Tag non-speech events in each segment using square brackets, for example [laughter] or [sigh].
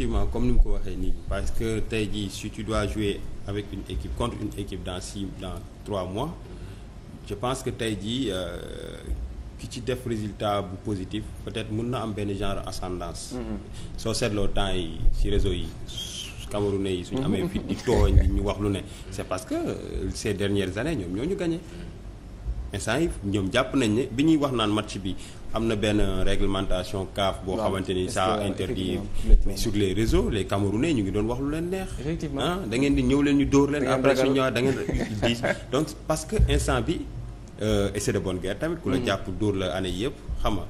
effectivement comme ni mu ko waxee nii parce que tey jii si tu dois jouer avec une équipe contre une équipe dans six dans trois mois je pense que tey jii euh, ki ci def résultat bu positif peut-être mun na am benn genre ascendance. Mm-hmm. soo seetloo temps yi ci réseau yi. Camerounais yi su ñu mm-hmm. amee fit di tooñ ñu wax lu ne c'est parce que euh, ces dernières années ñoom ñoo ñu gagné instant yi ñoom jàpp nañ ne bi ñuy wax naan match bi am na benn réglementation CAF boo xamante ni ça interdit mais sur les réseaux les Camerounais ñu ngi doon wax lu leen neex ah da ngeen di ñëw leen ñu dóor leen après su ñëwaat di [laughs] donc parce que instant bi euh, et de bonne guerre tamit ku la mm-hmm. jàpp door la année yëpp xam nga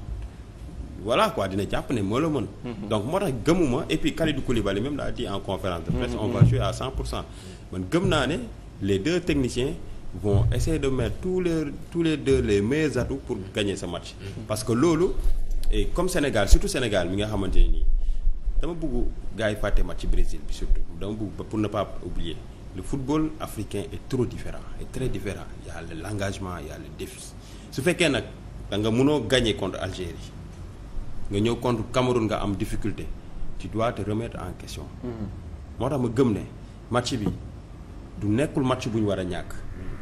voilà quoi dina jàpp ne moo la mën mm-hmm. donc moo tax gëmuma et puis Kalidou Koulibaly même daa di en conférence de presse on mm-hmm. va à 100 pour cent man gëm naa ne les deux techniciens vont essayer de mettre tous les tous les deux les mais atouts pour gagner sa match. parce que loolu et comme Sénégal surtout Sénégal mi nga xamante ne nii dama bëgg gars yi fàtte match ci Brésil bi surtout dama bëgg pour ne pas oublier le football africain est trop différent est très différent il y a l'engagement il y su fekkee nag da nga mënoo gagner contre Algérie nga ñëw contre Cameroun nga am difficulté tu dois te remettre en question. Mm-hmm. moo tax ma gëm ne match bi. du nekkul match bu war a ñàkk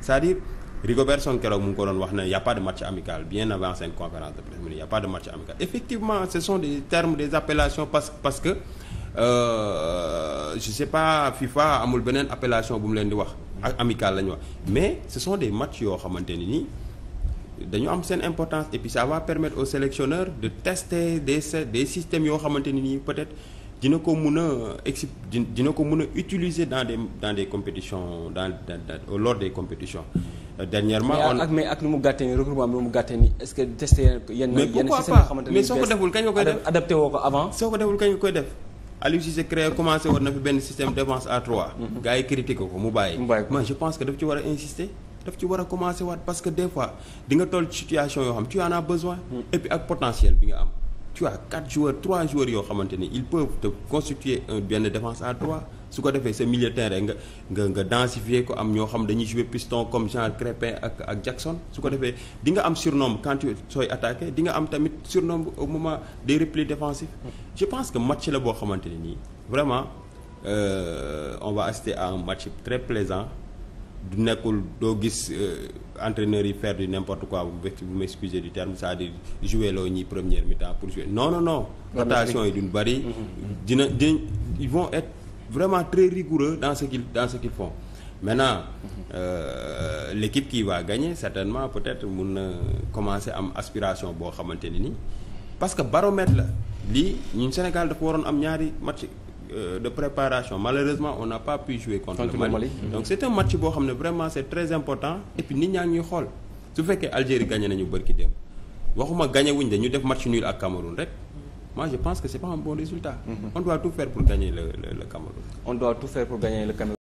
c'est-à-dire Rigobert keroog mu ngi ko doon wax ne y' a pas de match amical bien avant seen conférence de presse mu ne y' a pas de match amical effectivement ce sont des termes des appellations parce que euh, je sais pas FIFA amul beneen appellation bu mu leen di wax ak amical la ñu wax mais ce sont des matchs yoo xamante ni nii dañu am seen importance et puis ça va permettre aux de tester des des systèmes yoo xamante ni nii peut-être dina ko mun a exi dina ko mun a utiliser dans des dans des compétitions dans dans lors des compétitions. Euh, dernièrement on ak mais ak nu mu gàttee nii regroupement bi nu mu gàttee nii est-ce que testé yenn yenn système yoo xamante ne mais soo ko deful kañ nga koy def adapté woo ko avant. soo ko deful kañ nga koy def. Aliou Cissé créé commencé woon na fi benn système défense à trois. Mm-hmm. gars yi critiqué ko mu bàyyi. man je pense que daf ci war a insister. daf ci war a commencé waat parce que des fois di nga toll ci situation yoo xam tu en as besoin. Mm. et puis ak potentiel bi nga am. tu as quatre trois joueurs yoo xamante ni ils peuvent te constituer un benn défense à trois su ko defee sa milieu terrain nga nga nga densifier ko am ñoo xam dañuy jouer piston comme genre Crépin ak ak Jackson su ko defee di am surnombre quand tu sooy attaqué di nga am tamit surnombre au moment des replis défensifs je pense que match la boo xamante ne nii vraiment euh, on va assister à un match très plaisant du nekkul doo gis. Euh, entraîneurs yi faire du n'importe quoi bu bu m'excuser du terme c'est-à-dire jouer loo ñuy première mi-temps pour jouer non non non rotation yi duñ bëri dina dinañ ils vont être vraiment très rigoureux dans ce qu'ils dans ce qu'ils font maintenant mm-hmm. euh, l'équipe qui va gagner certainement peut-être mun na commencer am aspiration boo xamante ne ni parce que baromètre la lii ñun Sénégal dafa waroon am ñaari match Euh, de préparation malheureusement on n'a pas pu jouer contre, contre le Mali. Mali. donc c'est un match boo xam ne vraiment c'est très important et puis nit ñaa ngi xool su fekkee Algérie gagné nañu bërki dem waxuma gagné wuñ de ñu def match nul ak Cameroun rek moi je pense que c'est pas un bon résultat. Mm-hmm. on doit tout faire pour gagner le le, on doit tout faire pour gagner le Cameroun.